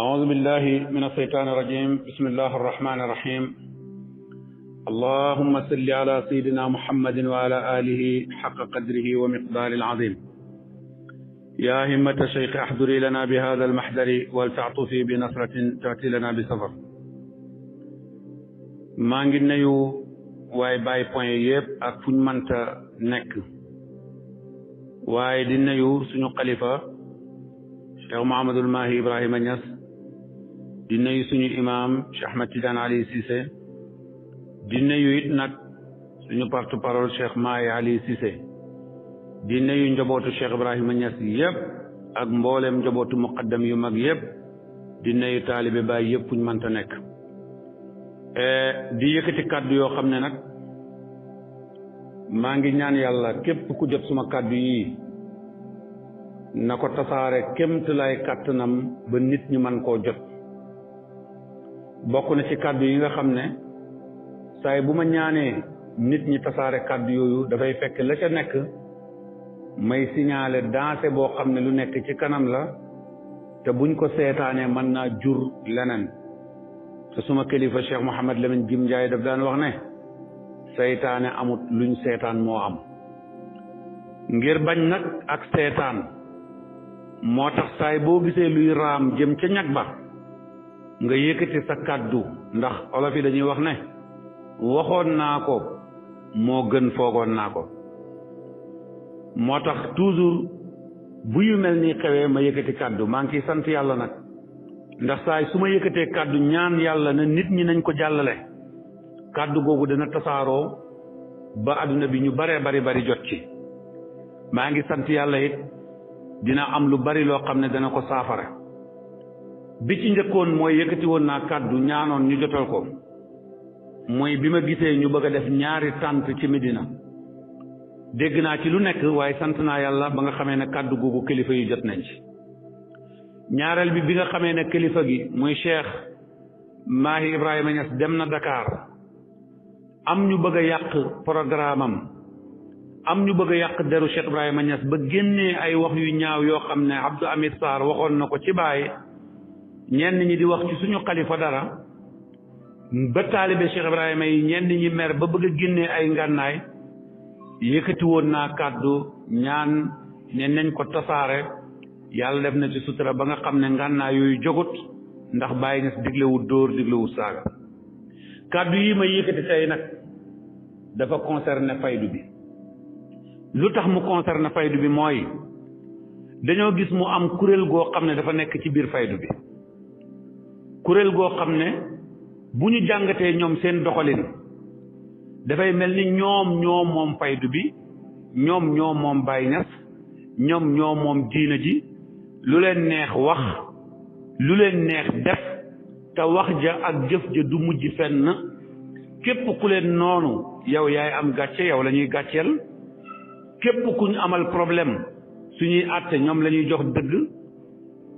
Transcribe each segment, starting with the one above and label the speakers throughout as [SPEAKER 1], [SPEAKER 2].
[SPEAKER 1] أعوذ بالله من الشيطان الرجيم بسم الله الرحمن الرحيم اللهم صل على سيدنا محمد وعلى آله حق قدره ومقدار العظيم يا همة الشيخ احضري لنا بهذا المحضر ولتعطفي بنصرة تأتي لنا بسفر ما ngi nuyu واي باي بوين ييب ak fu نك واي nekk waaye سنو قليفة شيخ محمد الماهي إبراهيم Mahi di nuyu suñu imaam Cheikh Ahmed Tidiane Ali Cissé di nuyu it nag suñu porte parole Cheikh Mahi Ali Cissé di nuyu njabootu Cheikh Ibrahima Niass yëpp ak mbooleem njabootu muqaddam yu mag yëpp di nuyu taalibe baay yëpp fuñ mënta nekk e, di yëkkati kàddu yoo xam ne nag maa ngi ñaan yàlla képp ku jot suma kàddu yii na ko tasaare kémt lay kàttanam ba nit ñi man koo jot bokk na ci kàddu yi nga xam ne saay bu ma ñaanee nit ñi tasaare kàddu yooyu dafay fekk la ca nekk may signaler dansé boo xam ne lu nekk ci kanam la te buñ ko seetaanee mën naa jur leneen te suma kilifa Cheikh Mouhamed Lamine Gim Ndiaye daf daan wax ne seytaane amut luñ seetaan moo am ngir bañ nag ak seetaan moo tax saay boo gisee luy raam jëm ca ñag ba nga yëkkati sa kàddu ndax olof yi dañuy wax ne waxoon naa ko moo gën foogoon naa ko moo tax toujours bu yu mel ni xewee ma yëkkati kàddu maa ngi ciy sant yàlla nag ndax saay su ma yëkkatee kàddu ñaan yàlla na nit ñi nañ ko jàllale kàddu googu dana tasaaroo ba àdduna bi ñu baree bari bari jot ci maa ngi sant yàlla it dina am lu bari loo xam ne dana ko saafara bi ci njëkkoon mooy yëkkati naa kàddu ñaanoon ñu jotal ko mooy bi ma gisee ñu bëgg a def ñaari tànt ci Medina dégg naa ci lu nekk waaye sant naa yàlla ba nga xamee ne kàddu googu kilifa yu jot nañ ñaareel bi bi nga xamee ne kilifa gi mooy Cheikh Mahi Ibrahima Niass dem na Dakar am ñu bëgg a yàq programme am ñu bëgg a yàq deru Cheikh Ibrahima Niass ba génnee ay wax yu ñaaw yoo xam ne Abdou amit Sarr waxoon na ko ci baay ñenn ñi di wax ci suñu xalifa dara ba taalibe Cheikh Ibrahima yi ñenn ñi mer ba bëgg a génnee ay ngànnaay yëkkati woon naa kàddu ñaan ne nañ ko tasaare yàlla def na ci sutura ba nga xam ne ngànnaay yuy jogut ndax bàyyi nga diglewul dóor diglewul saaga kàddu yi ma yëkkati tey nag dafa conserne faydu bi lu tax mu concerné faydu bi mooy dañoo gis mu am kuréel goo xam ne dafa nekk ci biir faydu bi kuréel goo xam ne bu ñu jàngatee ñoom seen doxalin dafay mel ni ñoom ñoo moom faydu bi ñoom ñoo moom Baay Ñas ñoom ñoo moom diina ji lu leen neex wax lu leen neex def te wax ja ak jëf ja du mujj fenn képp ku leen noonu yow yaay am gàcce yow la ñuy gàcceel képp ku ñu amal problème suñuy àtte ñoom lañuy jox dëgg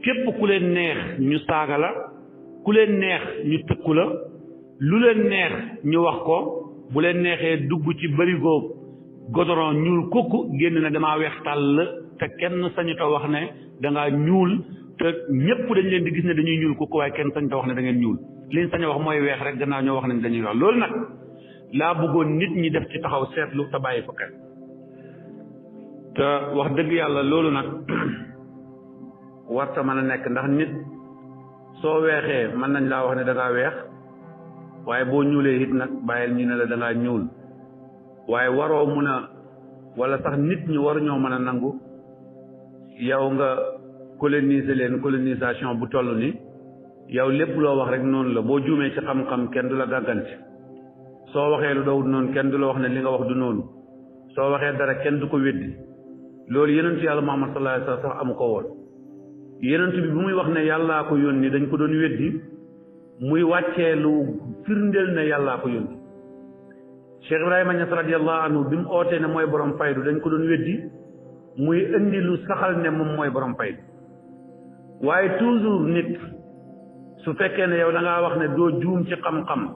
[SPEAKER 1] képp ku leen neex ñu saaga la ku leen neex ñu tëkku la lu leen neex ñu wax ko bu leen neexee dugg ci barigo godoron ñuul kukk génn na damaa weex tàll te kenn sañu ta wax ne da ngaa ñuul te ñëpp dañ leen di gis ne dañuy ñuul kukk waaye kenn sañu te wax ne dangeen ngeen ñuul liñ sañ wax mooy weex rek gannaaw ñoo wax nañ dañuy wax loolu nag laa bëggoon nit ñi def ci taxaw seetlu te bàyyi ko te wax dëgg yàlla loolu nag warta mën a nekk ndax nit soo weexee mën nañ laa wax ne da weex waaye boo ñuulee it nag bàyyil ñu ne la da ñuul waaye waroo mun a wala sax nit ñi war ñoo mën a nangu yow nga coloniser leen colonisation bu toll ni yow lépp loo wax rek noonu la boo juumee ci xam-xam kenn du la gàggante soo waxee lu dawut noonu kenn du la wax ne li nga wax du noonu soo waxee dara kenn du ko weddi loolu yenentu yàlla ma sallallahu alayhi wa sax amu ko woon yonent bi muy wax ne yàllaa ko yónni dañ ko doon weddi muy wàccee lu firndeel ne yàllaa ko yónni Cheikh Ibrahima Niass radiallahu bi mu ootee ne mooy borom faydu dañ ko doon weddi muy indi lu saxal ne moom mooy borom faydu waaye toujours nit su fekkee ne yow da wax ne doo juum ci xam-xam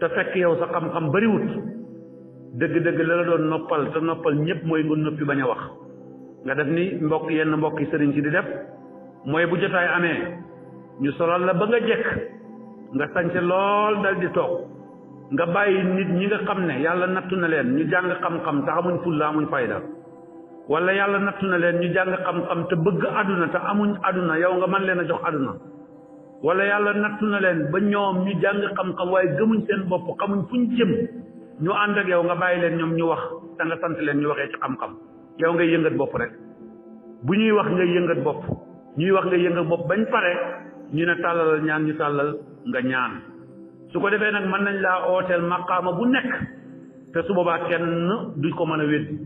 [SPEAKER 1] te fekk yow sa xam-xam bariwut dëgg-dëgg la la doon noppal te noppal ñépp mooy nga noppi bañ a wax nga def ni mbokk yenn mbokki sëriñ ci di def mooy bu jotaay amee ñu solal la ba nga jekk nga sanc lool dal di toog nga bàyyi nit ñi nga xam ne yàlla nattu na leen ñu jàng xam-xam te amuñ fulla amuñ fayda wala yàlla nattu na leen ñu jàng xam-xam te bëgg aduna te amuñ aduna yow nga man leen a jox aduna wala yàlla nattu na leen ba ñoom ñu jàng xam-xam waaye gëmuñ seen bopp xamuñ fuñ jëm ñu ànd ak yow nga bàyyi leen ñoom ñu wax te nga sant leen ñu waxee ci xam-xam yow ngay yëngat bopp rek bu ñuy wax ngay yëngat bopp ñuy wax ngay yëngat bopp bañ pare ñu ne tàllalal ñaan ñu tàllal nga ñaan su ko defee nag mën nañ laa ooteel maqaama bu nekk te su boobaa kenn du ko mën a wéddi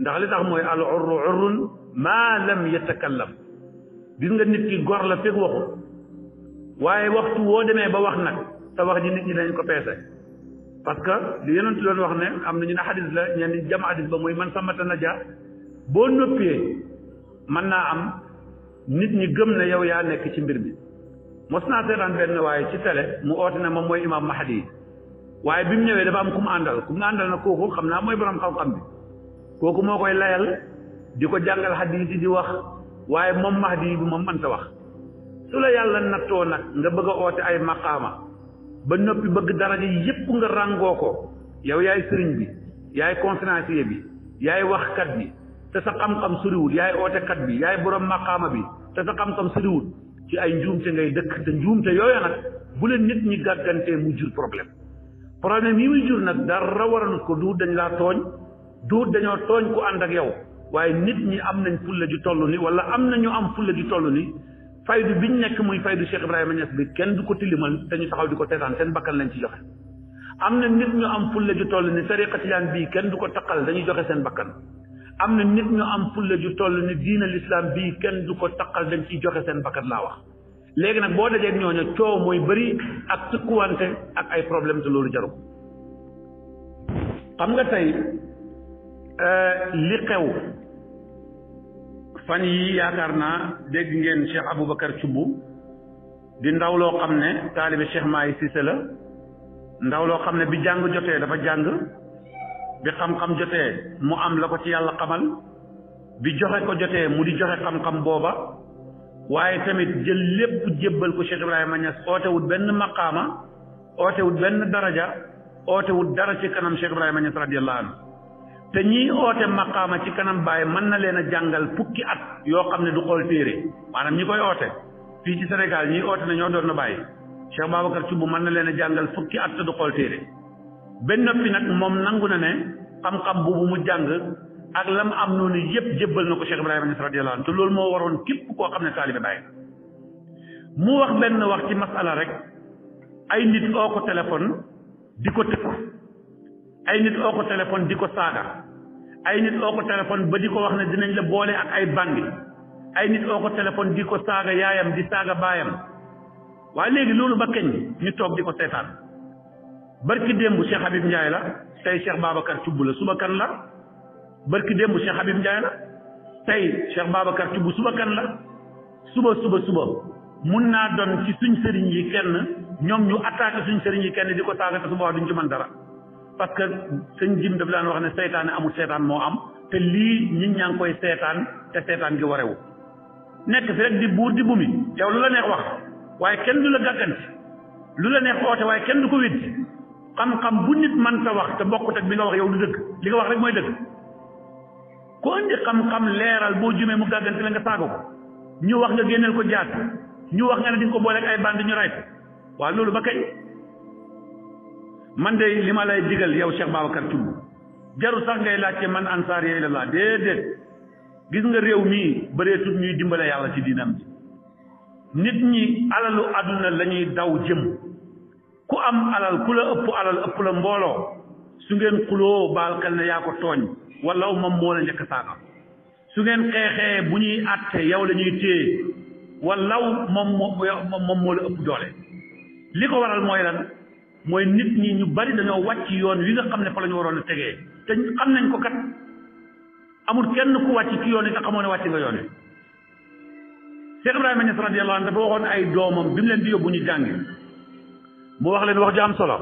[SPEAKER 1] ndax li tax mooy al urru urrun maa lam yatakallam gis nga nit ki gor la fekk waxu waaye waxtu woo demee ba wax nag te wax ji nit ñi dañ ko peese parce que li yonent doon wax ne am na ñu ne xadis la ñenn ñi jam xadis ba mooy man samata naja boo noppee mën naa am nit ñi gëm ne yow yaa nekk ci mbir mi mos naa seetaan benn waaye ci télé mu oote ne moom mooy imaam Mahdi waaye bi mu ñëwee dafa am ku mu àndal ku àndal na kooku xam naa mooy borom xam-xam bi kooku moo koy layal di ko jàngal xadis yi di wax waaye moom Mahdi bi moom mënta wax su la yàlla nattoo nag nga bëgg oote ay maqaama ba noppi bëgg dara daraja yépp nga ràngoo ko yow yaay sëriñ bi yaay conférencier bi yaay waxkat bi te sa xam-xam soriwul yaay ootekat bi yaay borom maqaama bi te sa xam-xam soriwul ci ay njuumte ngay dëkk te njuumte yooya nag bu leen nit ñi gàggantee mu jur problème problème yi muy jur nag dara waral ko duut dañ laa tooñ duut dañoo tooñ ku ànd ak yow waaye nit ñi am nañ fulla ju toll ni wala am na ñu am fulla ju toll ni faydu biñ nekk muy faydu Cheikh Ibrahima Niass bi kenn du ko tilimal dañu taxaw di ko teetaan seen bakkan lañ ci joxe am na nit ñu am fulle ju toll ni tariqa tijaan bii kenn du ko taqal dañuy joxe seen bakkan am na nit ñu am fulle ju toll ni diina lislaam bii kenn du ko taqal dañ ci joxe seen bakkan laa wax léegi nag boo dajee ñooñu coow mooy bëri ak tukkuwante ak ay problème te loolu jaru xam nga tey li xew fan yi yaakaar naa dégg ngeen Cheikh Aboubacar Thioub di ndaw loo xam ne taalibe Cheikh Mahi Cissé la ndaw loo xam ne bi jàng jotee dafa jàng bi xam-xam jotee mu am la ko ci yàlla xamal bi joxe ko jotee mu di joxe xam-xam booba waaye tamit jël lépp jébbal ko Cheikh Ibrahima Niass ootewut benn maqaama ootewut benn daraja ootewut dara ci kanam Cheikh Ibrahima Niass radiyallahu anhu te ñiy oote maqaama ci kanam baay mën na leen a jàngal fukki at yoo xam ne du xool téere maanaam ñi koy oote fii ci Sénégal ñiy oote na ñoo doon na bàyyi Cheikh Babacar Thioub mën na leen a jàngal fukki at te du xool téere benn noppi moom nangu na ne xam-xam boobu mu jàng ak lam am noonu yëpp jébbal na ko Cheikh Ibrahima Niass radiyallahu anhu te loolu moo waroon képp koo xam ne taalibe bàyyi mu wax benn wax ci masala rek ay nit oo ko téléphone di ko tëkku ay nit oo ko téléphone di ko saaga ay nit oo ko téléphone ba di ko wax ne dinañ la boole ak ay bandi ay nit oo ko téléphone di ko saaga yaayam di saaga baayam waaye léegi loolu ba kañ ñu toog di ko seetaan barki démb Cheikh Habib njaay la tey Cheikh Babacar Thioub la suba kan la barki démb Cheikh Habib Ndiaye la tey Cheikh Babacar Thioub suba kan la suba suba suba mun naa doon ci suñ sëriñ yi kenn ñoom ñu attaqué suñ sëriñ yi kenn di ko saaga te suba wax duñ ci mën dara parce que sëñ jim daf laan wax ne seytaane amul seetaan moo am te lii nit ñaa koy seetaan te seetaan gi warewu nekk fi rek di buur di bumi yow lu la neex wax waaye kenn lu la gàgganti lu la neex oote waaye kenn du ko witti xam-xam bu nit man ta wax te bokkut ak bi nga wax yow du dëgg li nga wax rek mooy dëgg ku indi xam-xam leeral boo jumee mu gàgganti la nga saago ko ñu wax nga génneel ko jaat ñu wax nga ne di ko booleeg ay band ñu ray ko loolu man de li ma lay digal yow Cheikh Babacar Thioub jaru sax ngay laajte man ansaar yooyu la laa déedéet gis nga réew mii bëreetut ñuy dimbale yàlla ci diinam ji nit ñi alalu àdduna lañuy daw jëm ku am alal ku la ëpp alal ëpp la mbooloo su ngeen xuloo baalkal ne yaa ko tooñ wala moom moo la njëkk saaga su ngeen xeexee bu ñuy àtte yow lañuy ñuy téye walaw moom moo moom moo la ëpp doole li ko waral mooy lan mooy nit ñi ñu bari dañoo wàcc yoon wi nga xam ne fa la ñu waroon a tegee te xam nañ ko kat amul kenn ku wàcc ci yoon yi te xamoo ne wàcc nga yoon wi Cheikh Ibrahima Niass radiyallahu anhu dafa waxoon ay doomam bi mu leen di yóbbu ñu jàngi mu wax leen wax ji am solo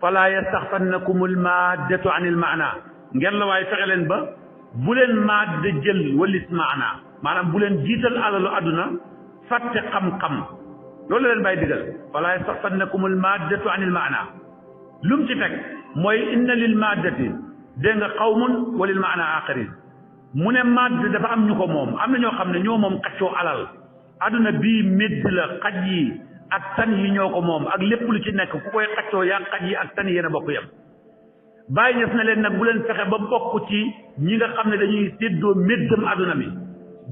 [SPEAKER 1] fala yastaxfannakum almaadatu an ilmaana ngeen la waaye fexe leen ba bu leen maadda jël walis maana maanaam bu leen jiital alalu àdduna fàtte xam-xam loolu leen bàyyi digal fala yastaxfannakum al maddatu an il maana lum ci teg mooy inna lil maddati dégg nga qawmun wa lil maana aaxirin mu ne madd dafa am ñu ko moom am na ñoo xam ne ñoo moom xaccoo alal adduna bii médd la xaj yi ak tan yi ñoo ko moom ak lépp lu ci nekk ku koy xaccoo yaa xaj yi ak tan yi yéen a bokk yam bàyyi ñes na leen nag bu leen fexe ba bokk ci ñi nga xam ne dañuy séddoo méddam adduna mi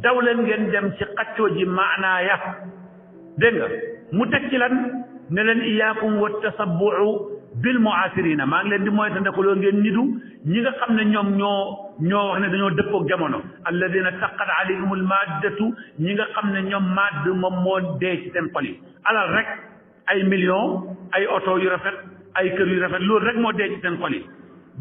[SPEAKER 1] daw leen ngeen dem ci xaccoo ji maanaa ya dégg nga mu teg ci lan ne leen iyaakum wa tasabbu'u bil mu'asirina maa ngi leen di moytandiku loo ngeen nidu ñi nga xam ne ñoom ñoo ñoo wax ne dañoo dëppook jamono alladina taqat alayhimul maddatu ñi nga xam ne ñoom madd moom moo dee ci seen xol yi alal rek ay millions ay oto yu rafet ay kër yu rafet loolu rek moo dee ci seen xol yi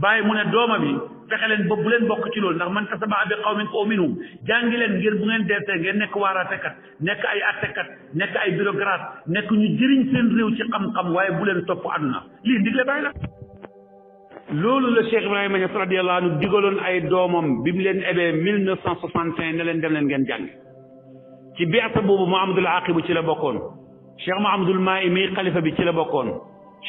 [SPEAKER 1] bàyyi mu ne dooma bi fexe leen bu len bok ci lol ndax man tasaba bi qawmin ko minhum jàngi leen ngir bu ngeen deetee ngeen nek nekk waaraatekat nek ay attekat nek ay bureaucrate nek ñu jëriñ seen rew ci xam-xam waye bu len top aduna li ndigle bàyyi la lolou le Cheikh Ibrahima Niass radiyallahu anhu digalon ay domam bim len ebe 1965 ne len dem len ngeen jàng ci bobu boobu Mahamadul aqib ci la bokkoon Cheikh Mahamadul Mahi mi khalifa bi ci la bokkoon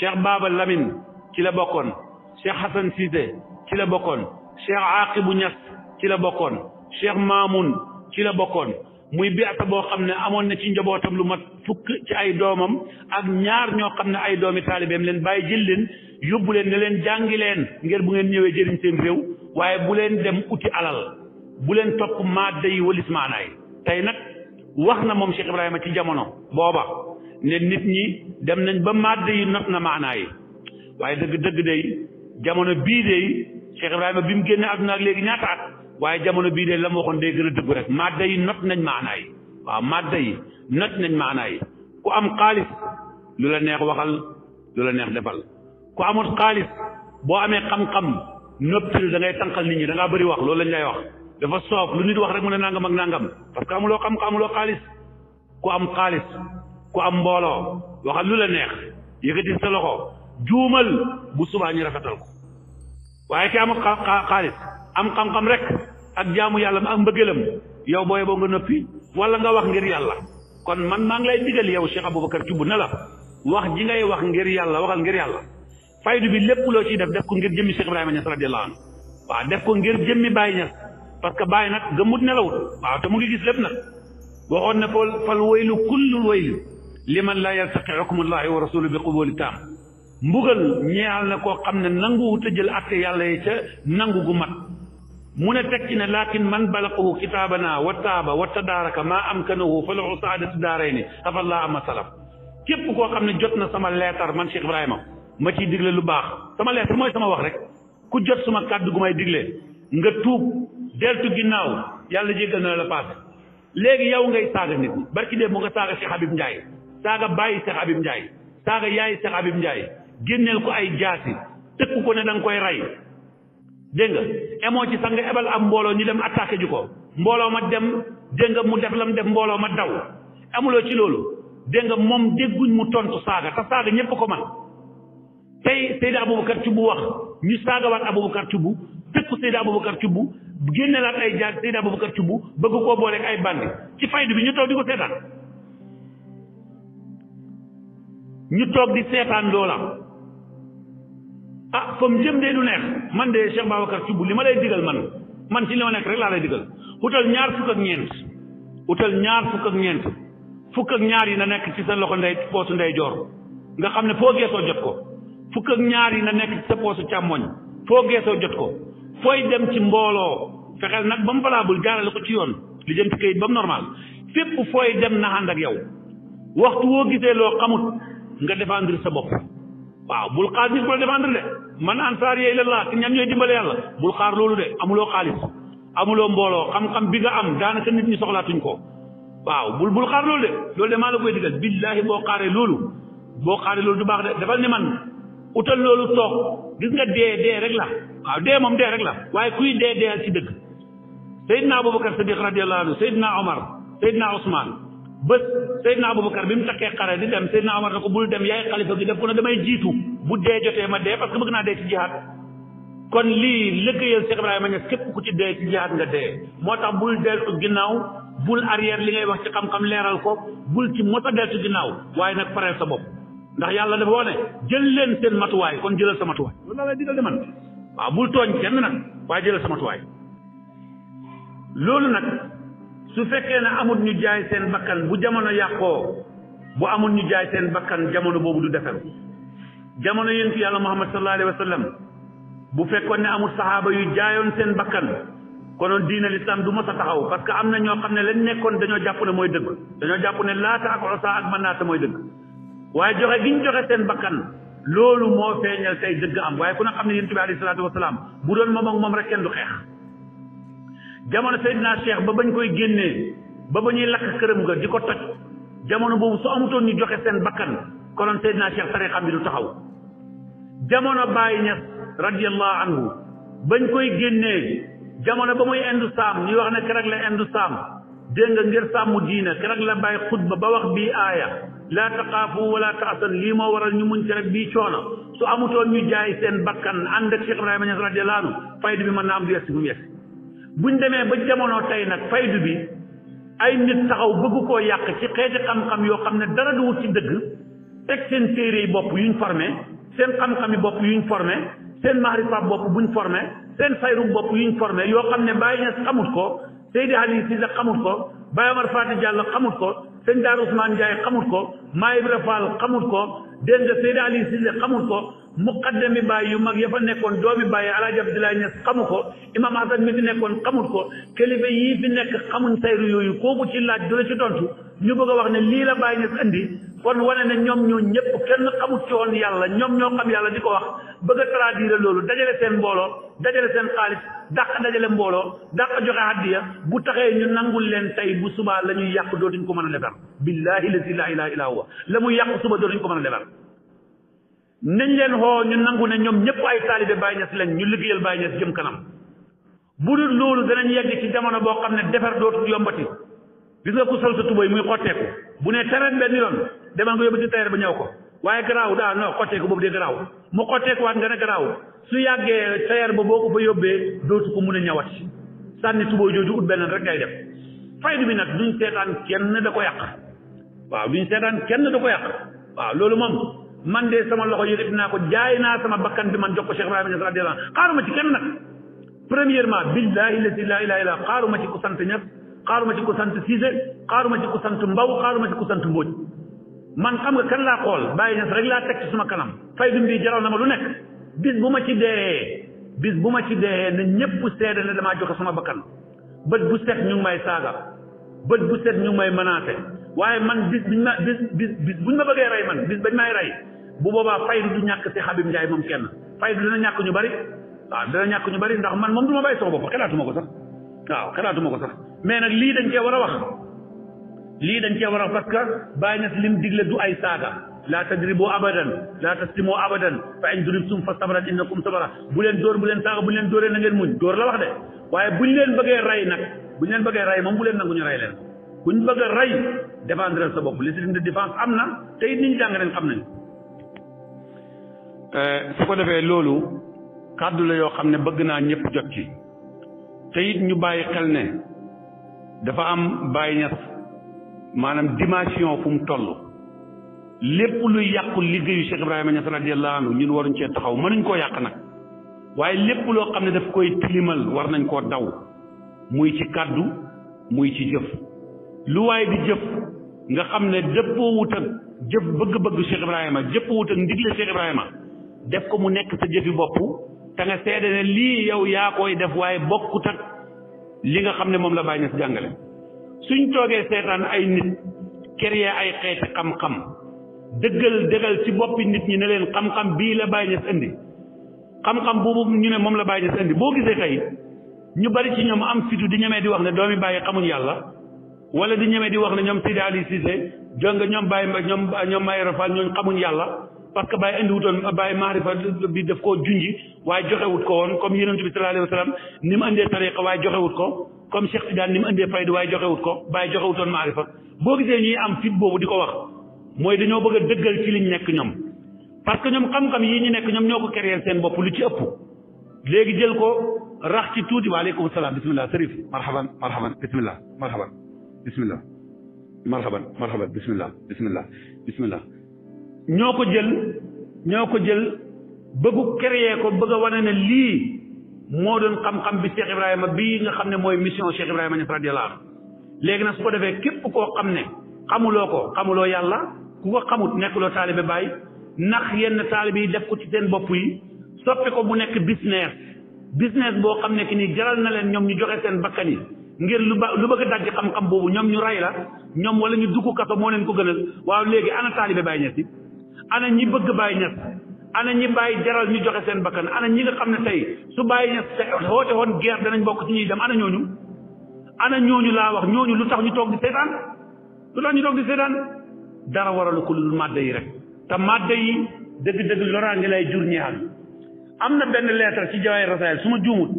[SPEAKER 1] Cheikh Baba Lamine ci la bokkoon Cheikh Hassan Cissé ci la bokkoon Cheikh Aqibou Niass ci la bokkoon Cheikh Mamoun ci la bokkoon muy biata boo xam ne amoon na ci njabootam lu mat fukk ci ay doomam ak ñaar ñoo xam ne ay doomi taalibeem leen bàyyi jël leen yóbbu leen ne leen jàngi leen ngir bu ngeen ñëwee jëriñ seen réew waaye bu leen dem uti alal bu leen topp maada yi walis maanaay tey nag wax na moom Cheikh Ibrahima ci jamono booba ne nit ñi dem nañ ba maada yi not na maanaay waaye dëgg dëgg day jamono bi de Cheikh Ibrahima bim mu aduna ak léegi ñata at waye jamono bi de lam waxon de day gën rek madde yi not nañ maanaa yi waaw madda yi not nañ maanaa yi ku am xaalis lula neex waxal lula neex defal ku amul xaalis bo amé xam-xam noppi da ngay tankal nit ñi da nga bari wax lolu lañ lay wax dafa soof lu nit wax rek mu ne nangam ak nangam parce que amuloo xam xam amuloo xaalis ku am xaalis ku am mbolo waxal lula neex yëkkati sa loxo. juumal bu subaa ñu rafetal ko waaye ki amul xaalis am xam-xam rek ak jaamu yàlla ak mbëggeelam yow booy boo nga nëppi wala nga wax ngir yàlla kon man maa ngi lay digal yow Cheikh Aboubacar Thioub ne la wax ji ngay wax ngir yàlla waxal ngir yàlla faydu bi lépp loo ciy def def ko ngir jëmmi Cheikh Ibrahima Niass radiyallahu anhu waaw def ko ngir jëmmi Baye Niass parce que Baye nag gëmmut nelawut waaw te mu ngi gis lépp nag waxoon ne fal waylu kullul waylu liman laa yaltaqi hukmullahi mbugal ñeexal na koo xam ne nanguwut a jël yàlla yi ca nangu gu mat mu ne tekki ne laakin man balaqahu kitaabanaa wa taaba wa tadaaraka maa amkanahu fa lahu sa daarayni afallaa ama salaf képp koo xam ne jot na sama leetar man Cheikh Ibrahima ma ciy digle lu baax sama leetar mooy sama wax rek ku jot suma kàddu gu may digle nga tuub deltu ginnaaw yàlla jéggal na la paase léegi yow ngay saaga nit ñi barki dee mu nga saaga Cheikh Habib Ndiaye saaga bàyyi Cheikh Habib Ndiaye saaga yaayi Cheikh Habib Ndiaye génneel ko ay jaasi tëkk ko ne da koy ray dégg nga emoo ci sax nga ebal am mbooloo ñu dem attaqué ji ko mbooloo ma dem dégg nga mu def la mu def mbooloo ma daw amuloo ci loolu dégg nga moom dégguñ mu tontu saaga te saaga ñëpp ko man tey Seydou Aboubacar Thioub wax ñu saaga saagawaat Aboubacar Thioub tëkku Seydou Aboubacar Thioub génneelaat ay jaag Seydou Aboubacar Thioub bëgg koo booleeg ay bandi ci faydu bi ñu toog di ko seetaan ñu toog di seetaan loola. ah fa mu jëm dee du neex man de Cheikh Babacar Thioub li ma lay digal man man ci li ma nekk rek laa lay digal utal ñaar fukk ak ñeent utal ñaar fukk ak ñeent fukk ñaar yi na nekk ci sa loxo ndey poosu ndey joor nga xam ne foo geesoo jot ko fukk ñaar yi na nekk ci sa poosu càmmoñ foo geesoo jot ko fooy dem ci mbooloo fexeel nag ba mu valable jaarale ko ci yoon li jëm ci kayit ba mu normal fépp fooy dem na ànd ak yow waxtu woo gisee loo xamut nga défendre sa bopp waaw bul xaar nit bu la défendre de man ansaar yee ilallah te ñan ñooy dimbale yàlla bul xaar loolu de amuloo xaalis amuloo mbooloo xam-xam bi ga am daanaka nit ñi soxlaatuñ ko waaw bul bul xaar loolu de loolu de maa la koy digal billaahi boo xaaree loolu boo xaaree loolu du baax de defal ne man utal loolu toog gis nga dee dee rek la waaw dee moom dee rek la waaye kuy dee dee ci dëgg Seydina Aboubacar Sadiq radiyallahu anhu Seydina Omar Seydina Ousmane bët bés Seydina Aboubacar bi mu takkee xare di dem Seydina Omar na ko bul dem yaay xalifa gi def ko ne damay jiitu bu dee jotee ma dee parce que bëgg naa kon lii lëggéeyal Cheikh Ibrahima Niass képp ku ci dee ci jihaad nga dee moo tax bul deltu ginnaaw bul arrière li ngay wax ci xam-xam leeral ko bul ci mos a deltu ginnaaw waaye nag pareel sa bopp ndax yàlla dafa woo ne jël leen seen matuwaay kon jëlal sa matuwaay loolu laa lay digal de man waaw bul tooñ kenn nag jëlal sa matuwaay loolu nag su fekkee na amut ñu jaay seen bakkan bu jamono yàqoo bu amut ñu jaay seen bakkan jamono boobu du defaru jamono yéen yàlla muhammad sallallahu alayhi wa sallam bu fekkoon ne amul saxaaba yu jaayoon seen bakkan konoon diina lislaam du mos a taxaw parce que am na ñoo xam ne lañ nekkoon dañoo jàpp ne mooy dëgg dañoo jàpp ne laata ak osa ak manaata mooy dëgg waaye joxe gi ñu joxe seen bakkan loolu moo feeñal tey dëgg am waaye ku ne xam ne yéen ci bi alayhi salaatu wasalaam bu doon moom ak moom rek kenn du xeex jamono sayyidina cheikh ba bañ koy génnee ba bañuy lak lakk nga di ko toj jamono bobu su amutoon ñu joxe seen bakkan konoon sayyidina cheikh tariqam bi du taxaw jamono bàyyi ñas radiyallahu anhu bañ koy génnee jamono ba muy indu sam ñuy wax ne kerek la indu sam dégg ngir sàmm diina kerek la bàyyi khutba ba wax bii aaya laa taqaafu wala taasan lii moo waral ñu muñ rek bi su amutoon ñu jaay seen bakkan and ak cheikh ibrahim ñas anhu bi man na am du bu yess buñ demee ba jamono tey nag faydu bi ay nit taxaw bëgg koo yàq ci xeeti xam-xam yoo xam ne dara du wut ci dëgg teg seen téere yi bopp yuñ formé seen xam-xam yi bopp yuñ formé seen maarifa bopp buñ formé seen fayru bopp yuñ formé yoo xam ne bàyyi ñes xamut ko Seydi Ali Cissé xamut ko Baye Omar Fati Diallo xamut ko sëñ Daar Ousmane Ndiaye xamut ko Maay Ibra Fall xamut ko dégg nga Seydi Ali Sile xamut ko muqaddami baay yu mag ya fa doomi baay Alaaji Abdoulaye Niass xamu ko imam Hasan mi fi nekkoon ko kilifa yii fi nekk xamuñ sayru yooyu kooku ci laaj du la ci tontu ñu bëgg wax ne lii la Baay Niass andi kon wane ne ñoom ñoo ñëpp kenn xamut ci woon yàlla ñoom ñoo xam yàlla di ko wax bëgg a traduire loolu dajale seen mbooloo dajale seen xaalis dàq dajale mbooloo dàq joxe addiya bu taxee ñu nangul leen tey bu subaa la ñuy yàq dootuñ ko mën a defar billahi lazi la ilaha illa huwa la muy yàq suba dootuñ ko mën a defar nañ leen xoo ñu nangu ne ñoom ñëpp ay taalibe Baay Ñas lañ ñu liggéeyal Baay Ñas jëm kanam bu dul loolu danañ yegg ci jamono boo xam ne defar dootul yombati gis nga ku sol sa muy xotteeku bu ne tereet benn yoon demal nga yóbbu ci tailleur bu ñëw ko waaye garaaw daal non ko boobu de garaaw mu waa nga ne garaaw su yàggee tailleur ba boo ko fa yóbbee dootu ko mun a ñëwaat sànni tuboo jooju ut beneen rek ngay def faydu bi nag duñ seetaan kenn da ko yàq waaw duñ seetaan kenn da ko yàq waaw loolu moom man de sama loxo yëkkati naa ko jaay naa sama bakkan bi man jox ko Cheikh Ibrahima Niass radiyallahu anhu xaaruma ci kenn nag premièrement billahi la ilaha illa xaaruma ci ku sant Niass xaaruma ci ku sant Cissé xaaruma ci ku sant Mbaw xaaruma ci ku sant Mbodj man xam nga kan laa xool bàyyi ñas rek laa teg ci suma kanam fay dum bi jaral na ma lu nekk bis bu ma ci dee bis bu ma ci dee na ñépp seede ne damaa joxe suma bakkan bët bu set ñu ngi may saaga bët bu set ñu ngi may menacer waaye man bis biñ ma bis bis bis buñ ma bëggee rey man bis bañ may rey bu boobaa faydu du ñàkk si Habib Ndiaye moom kenn faydu dina ñàkk ñu bari waaw dina ñàkk ñu bari ndax man moom du ma bàyyi sama bopp xelaatuma ko sax waaw xelaatuma ko sax mais nag lii dañ cee war a wax lii dañ cee war a parce que bàyyi na lim digle du ay saaga laa tadribu abadan laa taslimu abadan fa in duribtum fastabran innakum sabara bu leen dóor bu leen saaga bu leen dóoree na ngeen muñ dóor la wax de waaye bu buñ leen bëggee rey nag buñ leen bëggee rey moom bu leen nangu ñu rey leen kuñ bëgg a rey défendre sa bopp li légitime de défense am na te it ni ñu jàng leen xam nañ euh, su ko defee loolu kàddu la yoo xam ne bëgg naa ñëpp jot ci te ñu bàyyi xel ne dafa am bàyyi ñas maanaam dimension fu mu toll lépp luy yàqu liggéeyu Cheikh Ibrahima Niass radiyallahu anhu ñun waruñ cee taxaw mënuñ koo yàq nag waaye lépp loo xam ne daf koy tilimal war nañ koo daw muy ci kàddu muy ci jëf lu waay di jëf nga xam ne dëppoowut ak jëf bëgg-bëgg Cheikh Ibrahima jëppoowut ak ndigle Cheikh Ibrahima def ko mu nekk sa jëfi bopp te nga seede ne lii yow yaa koy def waaye bokkut ak li nga xam ne moom la bàyyi na si jàngale suñ toogee seetaan ay nit créer ay xeeti xam-xam dëggal dëggal ci boppi nit ñi ne leen xam-xam bii la Baay Ñas indi xam-xam boobu ñu ne moom la Baay Ñas indi boo gisee tey ñu bari ci ñoom am fitu di ñemee di wax ne doomi bàyyi xamuñ yàlla wala di ñemee di wax ne ñoom Seydi Ali Cissé jonga ñoom Baay ñoom ñoom Mayoro Fall ñooñ xamuñ yàlla parce que Baay indi wutoon Baay maarifa bi daf koo junji waaye joxewut ko woon comme Yonent bi sallallahu alayhi wa sallam ni mu indee tariqa waaye joxewut ko comme Cheikh Tidiane ni mu indee fayda waaye joxewut ko bàyyi joxewutoon maarifa boo gisee ñuy am fit boobu di ko wax mooy dañoo bëgg a dëggal ci liñ nekk ñoom parce que ñoom xam-xam yii ñu nekk ñoom ñoo ko créer seen bopp lu ci ëpp léegi jël ko rax ci tuuti waaleykum salaam bismillah sërif marhaban marhaban bismillah marhaban bismillah marhaban marhaban bismillah bismillah bismillah ñoo jël ñoo jël bëggu créer ko bëgg a wane ne moo doon xam-xam bi Cheikh Ibrahima bii nga xam ne mooy mission Cheikh Ibrahima Niass radiyallahu anhu léegi nag su ko defee képp koo xam ne xamuloo ko xamuloo yàlla ku ko xamut nekkuloo taalibe Baay nax yenn taalibe yi def ko ci seen bopp yi soppi ko mu nekk business business boo xam ne ki ni jaral na leen ñoom ñu joxe seen bakkan yi ngir lu ba lu bëgg a xam-xam boobu ñoom ñu rey la ñoom wala ñu dugg kaso moo leen ko gënal waaw léegi ana taalibe Baay Ñas ana ñi bëgg Baay Ñas ana ñi bàyyi jaral ñu joxe seen bakkan ana ñi nga xam ne tey su bàyyi ña woote woon guerre danañ bokk ci ñuy dem ana ñooñu ana ñooñu laa wax ñooñu lu tax ñu toog di seetaan lu tax ñu toog di seetaan dara waralu ko lu màdde yi rek te màdde yi dëgg-dëgg loraange lay jur ñeexal am na benn lettre ci jawaay rasaayil su ma juumut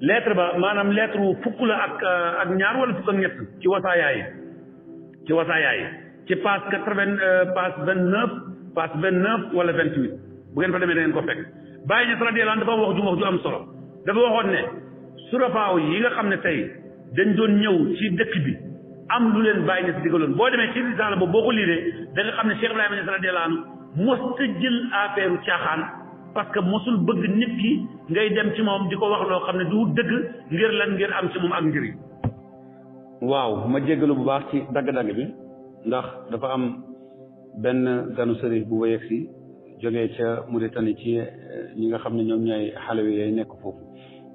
[SPEAKER 1] lettre ba maanaam lettre wu fukk la ak euh, ak ñaar wala fukk ak ñett ci wasaayaa ci wasaayaa ci passe quatre-vingt euh, passe vingt-neuf passe wala vingt-huit bu ngeen fa demee da ngeen ko fekk bàyyi ñes radiyallahu anhu dafa wax ju wax ju am solo dafa waxoon ne surafaaw yi nga xam ne tey dañ doon ñëw ci dëkk bi am lu leen bàyyi ñes digaloon boo demee ci risaala boobu boo ko liiree da nga xam ne Cheikh Ibrahima ñes radiyallahu anhu mos ta jël affaire u caaxaan parce que mosul bëgg nit ki ngay dem ci moom di ko wax loo xam ne du dëgg ngir lan ngir am ci moom ak njëriñ waaw ma jéggalu bu baax ci dagg-dagg bi ndax dafa am benn ganu sëriñ bu ma si joge ca Mauritanie ci ñi nga xam ne ñoom ñooy wi yooyu nekk foofu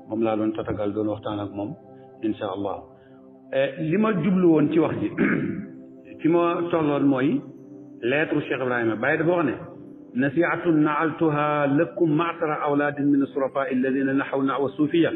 [SPEAKER 1] moom laa doon tatagal doon waxtaan ak moom insha allah li ma jublu woon ci wax ji fi ma tolloon mooy lettre Cheikh Ibrahima Baye dafa wax ne nasihatun naaltuha lakum maatara awlaadin min surafa alladina naxaw wa suufiya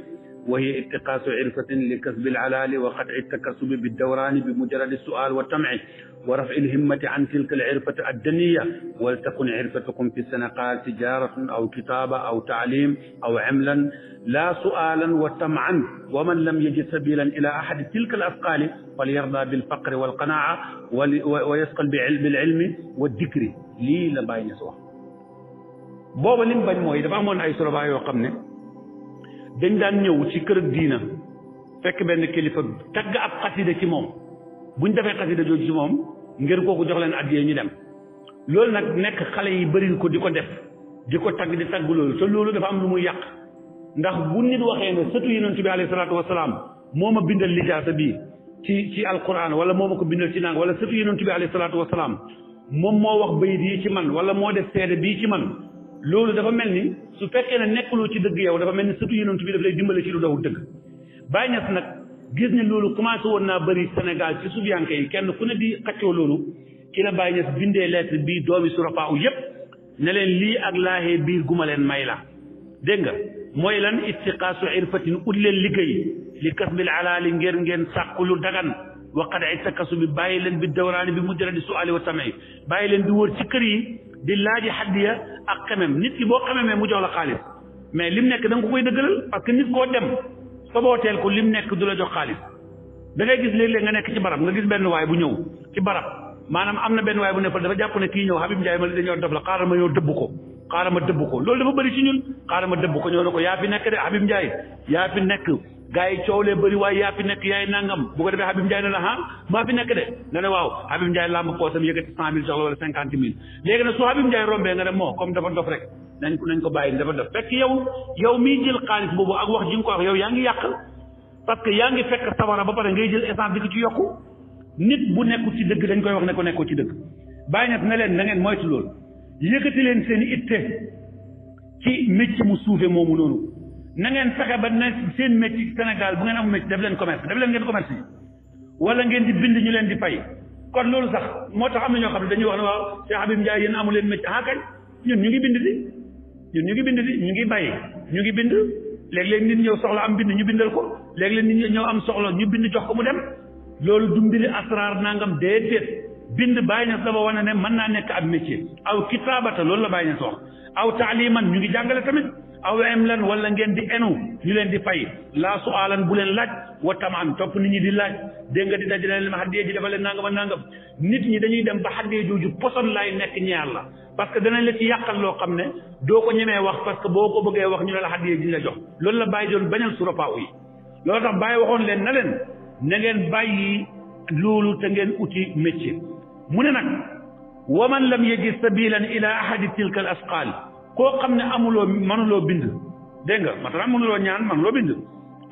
[SPEAKER 1] wa hiya ittiqaasu irfatin li kasbi alalaali wa qatci takasubi biddawraani bi mujaradi sual wa tamci ورفع الهمة عن تلك العرفة الدنية ولتكن عرفتكم في السنقال تجارة أو كتابة أو تعليم أو عملا لا سؤالا وتمعا ومن لم يجد سبيلا إلى أحد تلك الأثقال فليرضى بالفقر والقناعة ويسقل بالعلم والذكر لي لباي نسوة بابا wax booba lim bañ mooy dafa amoon دين دان نيو سكر ne dañ daan ñëw ci kër diina fekk benn kilifa buñ defee xasida jooju ci moom ngeen kooku jox leen addiyee ñu dem loolu nag nekk xale yi bëri ko di ko def di ko tagg di tagg loolu te loolu dafa am lu muy yàq ndax bu nit waxee ne sëtu yonent bi alayhi salaatu wasalaam moo ma bindal lijaasa bi ci ci alquran wala moo ma ko bindal ci nang wala sëtu yonent bi alayhi salaatu wasalaam moom moo wax bayit yi ci man wala moo def seede bii ci man loolu dafa mel ni su fekkee ne nekkuloo ci dëgg yow dafa mel ni sëtu yonent bi daf lay dimbale ci lu dawul dëgg bàyyi nag gis ni lolu commencé wonna bari Sénégal ci subiyanke kenn ku ne di xatio lolu ci la Baye Niass bindé lettre bi doomi surafa u yépp ne len li ak lahi biir guma len may la dégg nga mooy lan istiqasu irfatin ut leen liggéey li kasbil alaali ngir ngeen sàkku lu dagan wa qad sakasu bi bàyyi len bi dawraani bi mujaradi suali wa tamay bàyyi len di wor ci kër yi di laaji hadiya ak xemem nit ki bo xamé mu jox la xalif mais lim nek dang ko koy deugal parce que nit ko dem sobooteel ko lim nekk du la jox xaalis da ngay gis léeg-léeg nga nekk ci barab nga gis benn waay bu ñëw ci barab maanaam am na benn waay bu ne fa dafa jàpp ne kii ñëw Habib Ndiaye ma ko xaaral ma dëbb ko loolu dafa ko ñëw ko yaa fi nekk de Habib Ndiaye yaa fi nekk bu ko defee Habib Ndiaye ne la ah maa fi nekk de nga ne waaw Habib Ndiaye làmb poosam yëkkati cent mille jox la cinquante mille léegi nag su Habib Ndiaye rombee nga ne moo comme dafa dof rek nañ ko nañ ko bàyyi dafa def fekk yow yow miy jël xaalis boobu ak wax ji nga ko wax yow yaa ngi yàq parce que yaa ngi fekk sawara ba pare ngay jël essence di ko ci yokk nit bu nekkul ci dëgg dañ koy wax ne ko nekkoo ci dëgg bàyyi na ne leen na ngeen moytu loolu yëkkati leen seen itte ci métier mu suufe moomu noonu na ngeen fexe ba ne seen métier Sénégal bu ngeen am métier def leen commerce def leen ngeen commerce yi wala ngeen di bind ñu leen di pay kon loolu sax moo tax am na ñoo xam ne dañuy wax ne waaw Cheikh Habib Ndiaye yéen amu leen métier ah kañ ñun ñu ngi bind ñun ñu ngi bind di ñu ngi bàyyi ñu ngi bind léeg-léeg nit ñëw soxla am bind ñu bindal ko léeg-léeg nit ñëw am soxla ñu bind jox ko mu dem loolu du mbiri asraar nangam déedéet bind bàyyi na dafa wane ne mën naa nekk ab métier aw kitaabata loolu la bàyyi na wax aw taaliman ñu ngi jàngale tamit aw imlan wala ngeen di enu ñu leen di fay laa su alan bu leen laaj wa tamaan topp nit ñi di laaj dégg nga di dajale leen ma xaddee ji dafa leen nangam ak nangam nit ñi dañuy dem ba xaddee jooju poson laay nekk ñaar la parce que danañ la ci yàqal loo xam ne doo ko ñemee wax parce que boo ko bëggee wax ñu ne la xaddee ji la jox loolu la bàyyi doon bañal surapaaw yi loolu tax bàyyi waxoon leen na leen na ngeen bàyyi loolu te ngeen uti métier mu ne nag wa man lam yajid sabilan ila ahadi tilka al asqaal koo xam ne amuloo mënuloo bind dégg nga maanaam mënuloo ñaan mënuloo bind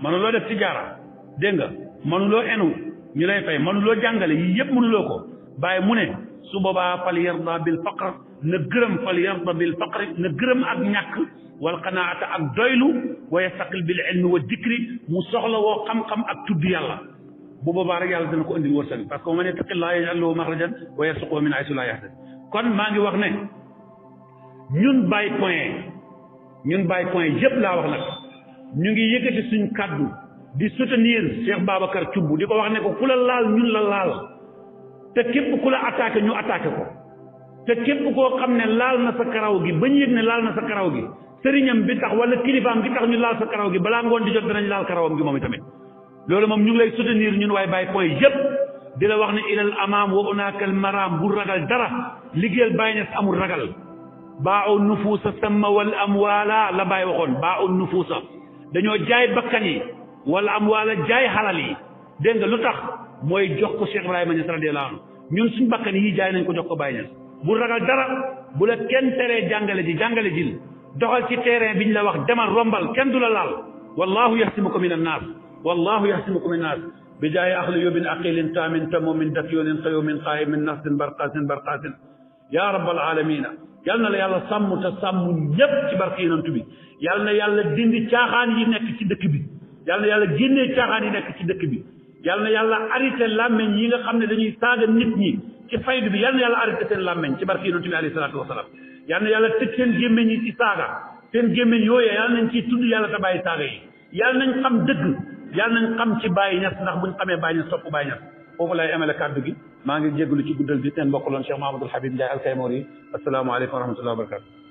[SPEAKER 1] mënuloo def tijaara denga nga lo enu ñu lay fay lo jàngale yii yëpp mënuloo ko baye mu ne su boobaa fal yarda bil faqr ne gërëm fal yarda bil faqr ne gërëm ak ñak wal qanaata ak doylu way saqil bil ilm wa dikri mu soxla wo xam-xam ak tudd yàlla bu boobaa rek yàlla dina ko andi wërsëg parce que ne yattaqillaaha la lahu makhrajan wa yarzuqhu min aysu la yahtasib kon ma ngi wax ne ñun bay Point ñun bay Point yëpp la wax nak ñu ngi yëkëti suñu kàddu di soutenir Cheikh Babacar Thioub di ko wax ne ko ku la laal ñun la laal te képp ku la attaqué ñu attaqué ko te képp koo xam ne laal na sa karaw gi bañ yëg ne laal na sa karaw gi sëriñam bi tax wala kilifaam bi tax ñu laal sa karaw gi balaa ngoon di jot danañ laal karawam gi moom itamit loolu moom ñu ngi lay soutenir ñun waaye bàyyi point yëpp di la wax ne ilal amaam wa unaakal maraam bu ragal dara liggéeyal bàyyi nes amul ragal baa u nufuusa samma wal amwaala la bàyyi waxoon baa u nufuusa dañoo jaay bakkan yi wala am waala jaay xalal yi dégg nga lu tax mooy jox ko Cheikh Ibrahima Niass radiyallahu anhu ñun suñu bakkan yi jaay nañ ko jox ko Baye Niass bu ragal dara bu la kenn teree jàngale ji jàngale jil doxal ci terrain bi ñu la wax demal rombal kenn du la laal wallahu yaxsimuka min annaas wallahu yaxsimuka min annaas bi jaaye ahli yóbin aqilin taamin tamumin dakyonin xayomin xaayimin nasdin barqaasin barqaasin yaa rabbal aalamiina yal na la yàlla sàmm te sàmm ñépp ci barke yonent bi yal na yàlla dindi caaxaan yi nekk ci dëkk bi yàlla na yàlla génnee caaxaan yi nekk ci dëkk bi yàlla na yàlla arrêté làmmeñ yi nga xam ne dañuy saaga nit ñi ci fayd bi yàlla na yàlla arrêté seen làmmeñ ci barke yonent bi alayhi salaatu wasalaam yal na yàlla tëj seen gémmeñ yi ci saaga seen gémmeñ yooyu yàlla nañ ci tudd yàlla te bàyyi saaga yi yàlla nañ xam dëgg yàlla nañ xam ci bàyyi ñas ndax buñ xamee bàyyi ñas topp bàyyi ñas foofu lay amale kàddu gi maa ngi jégalu ci guddal bi seen mbokk loon Cheikh Mahamadul Habib Ndiaye Alkaymoor yi asalaamaaleykum wa rahmatullahi wa barakatu